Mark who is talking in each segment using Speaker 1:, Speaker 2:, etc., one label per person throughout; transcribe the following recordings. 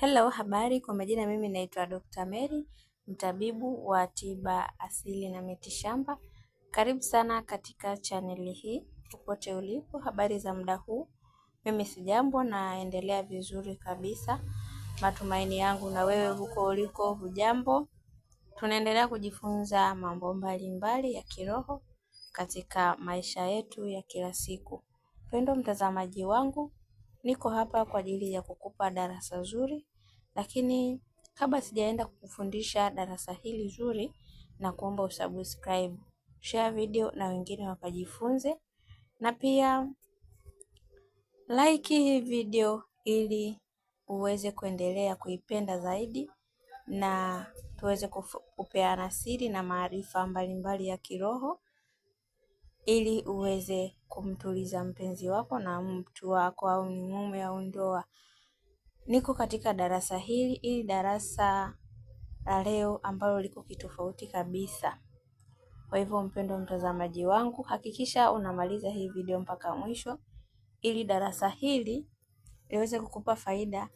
Speaker 1: Hello, habari. Kwa majina mimi naitwa Dr. Mary, mtabibu wa tiba asili na mitishamba. Karibu sana katika chaneli hii, popote ulipo. Habari za muda huu? Mimi sijambo, naendelea vizuri kabisa. Matumaini yangu na wewe huko uliko hujambo. Tunaendelea kujifunza mambo mbalimbali ya kiroho katika maisha yetu ya kila siku. Pendo mtazamaji wangu, niko hapa kwa ajili ya kupa darasa zuri, lakini kabla sijaenda kukufundisha darasa hili zuri, na kuomba usubscribe, share video na wengine wakajifunze, na pia like hii video ili uweze kuendelea kuipenda zaidi na tuweze kupeana siri na maarifa mbalimbali ya kiroho ili uweze kumtuliza mpenzi wako na mtu wako, au ni mume au ndoa. Niko katika darasa hili ili darasa la leo ambalo liko kitofauti kabisa. Kwa hivyo, mpendwa mtazamaji wangu, hakikisha unamaliza hii video mpaka mwisho ili darasa hili liweze kukupa faida.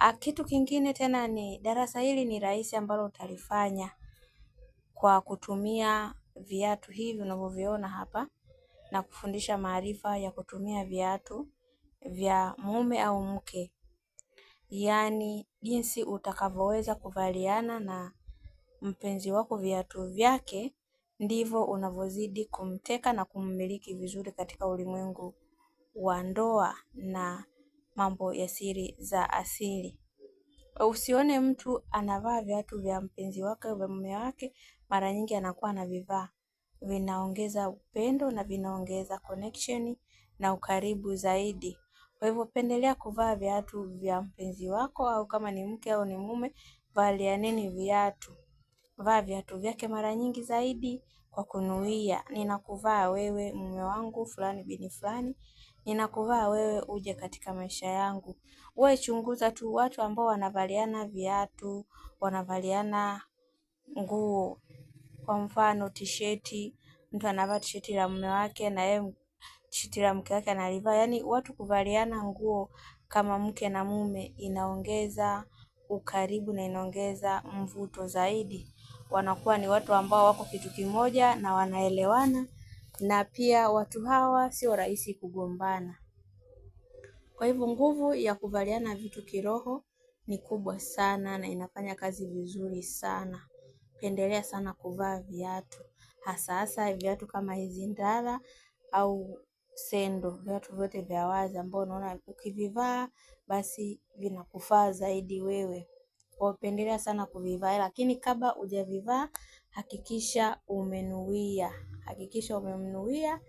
Speaker 1: A, ah, kitu kingine tena ni darasa hili ni rahisi ambalo utalifanya kwa kutumia viatu hivi unavyoviona hapa na kufundisha maarifa ya kutumia viatu vya mume au mke yaani jinsi utakavyoweza kuvaliana na mpenzi wako viatu vyake ndivyo unavyozidi kumteka na kummiliki vizuri katika ulimwengu wa ndoa na mambo ya siri za asili. Usione mtu anavaa viatu vya mpenzi wake au vya mume wake, mara nyingi anakuwa anavivaa. Vinaongeza upendo na vinaongeza connection na ukaribu zaidi. Kwa hivyo pendelea kuvaa viatu vya mpenzi wako au kama ni mke au ni mume, valianeni viatu. Vaa viatu vyake mara nyingi zaidi kwa kunuia. Ninakuvaa wewe mume wangu fulani bini fulani. Ninakuvaa wewe uje katika maisha yangu. Wewe chunguza tu watu ambao wanavaliana viatu, wanavaliana nguo. Kwa mfano tisheti, mtu anavaa tisheti la mume wake na yeye shati la mke wake analivaa. Yaani watu kuvaliana nguo kama mke na mume inaongeza ukaribu na inaongeza mvuto zaidi. Wanakuwa ni watu ambao wako kitu kimoja na wanaelewana, na pia watu hawa sio rahisi kugombana. Kwa hivyo nguvu ya kuvaliana vitu kiroho ni kubwa sana na inafanya kazi vizuri sana. Pendelea sana kuvaa viatu hasa hasa viatu kama hizi ndala au sendo, viatu vyote vya wazi ambao unaona ukivivaa basi vinakufaa zaidi wewe. Wapendelea sana kuvivaa, lakini kabla hujavivaa hakikisha umenuia, hakikisha umemnuia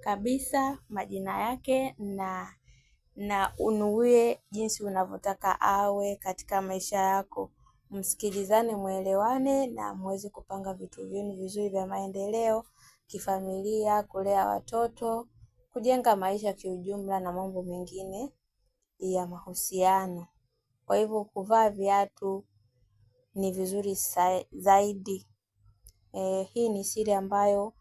Speaker 1: kabisa majina yake na na unuie jinsi unavyotaka awe katika maisha yako. Msikilizane, mwelewane na muweze kupanga vitu vyenu vizuri vya maendeleo kifamilia, kulea watoto, kujenga maisha kiujumla na mambo mengine ya mahusiano. Kwa hivyo kuvaa viatu ni vizuri zaidi. E, hii ni siri ambayo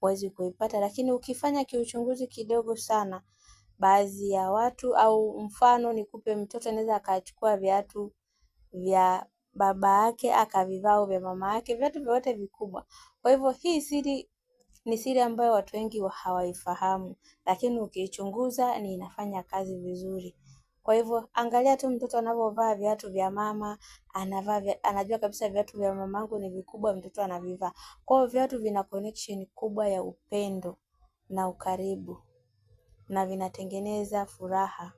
Speaker 1: huwezi kuipata, lakini ukifanya kiuchunguzi kidogo sana, baadhi ya watu au mfano nikupe, mtoto anaweza akachukua viatu vya baba yake akavivaa au vya mama yake, viatu vyote vikubwa. Kwa hivyo hii siri ni siri ambayo watu wengi hawaifahamu, lakini ukiichunguza ni inafanya kazi vizuri. Kwa hivyo angalia tu mtoto anavyovaa viatu vya mama, anavaa vya, anajua kabisa viatu vya mamangu ni vikubwa, mtoto anavivaa. Kwa hiyo viatu vina connection kubwa ya upendo na ukaribu na vinatengeneza furaha,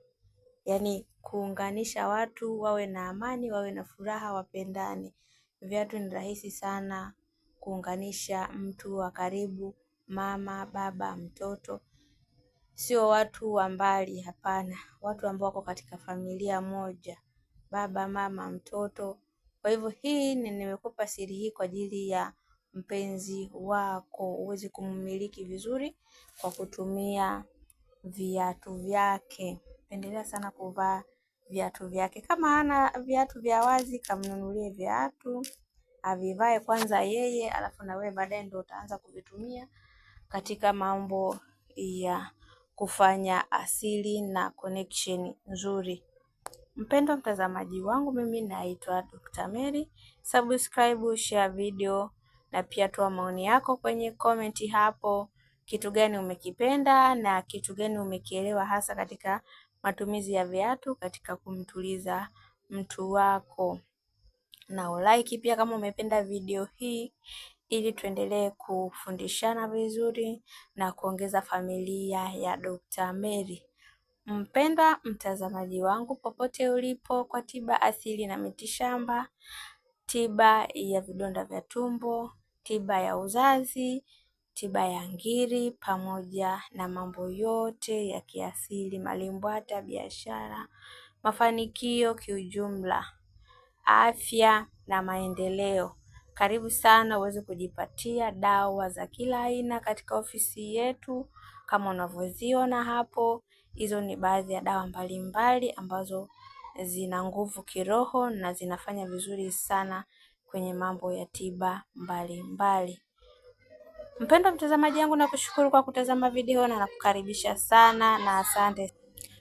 Speaker 1: yaani kuunganisha watu wawe na amani, wawe na furaha, wapendane. Viatu ni rahisi sana kuunganisha mtu wa karibu mama, baba, mtoto, sio watu wa mbali, hapana, watu ambao wako katika familia moja, baba, mama, mtoto. Kwa hivyo hii nimekupa siri hii kwa ajili ya mpenzi wako uweze kumiliki vizuri kwa kutumia viatu vyake. Pendelea sana kuvaa viatu vyake. Kama ana viatu vya wazi, kamnunulie viatu avivae kwanza yeye, alafu na wewe baadaye ndio utaanza kuvitumia katika mambo ya kufanya asili na connection nzuri. Mpendwa mtazamaji wangu, mimi naitwa Dr. Mary. Subscribe, share video na pia toa maoni yako kwenye komenti hapo, kitu gani umekipenda na kitu gani umekielewa hasa katika matumizi ya viatu katika kumtuliza mtu wako, na ulike pia kama umependa video hii ili tuendelee kufundishana vizuri na kuongeza familia ya Dr. Mary. Mpendwa mtazamaji wangu, popote ulipo, kwa tiba asili na mitishamba, tiba ya vidonda vya tumbo, tiba ya uzazi, tiba ya ngiri, pamoja na mambo yote ya kiasili, malimbwata, biashara, mafanikio kiujumla, afya na maendeleo. Karibu sana uweze kujipatia dawa za kila aina katika ofisi yetu kama unavyoziona hapo. Hizo ni baadhi ya dawa mbalimbali ambazo zina nguvu kiroho na zinafanya vizuri sana kwenye mambo ya tiba mbalimbali. Mpendwa mtazamaji wangu, nakushukuru kwa kutazama video na nakukaribisha sana na asante.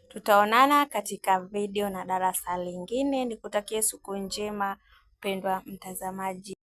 Speaker 1: Tutaonana katika video na darasa lingine. Nikutakie siku njema mpendwa mtazamaji.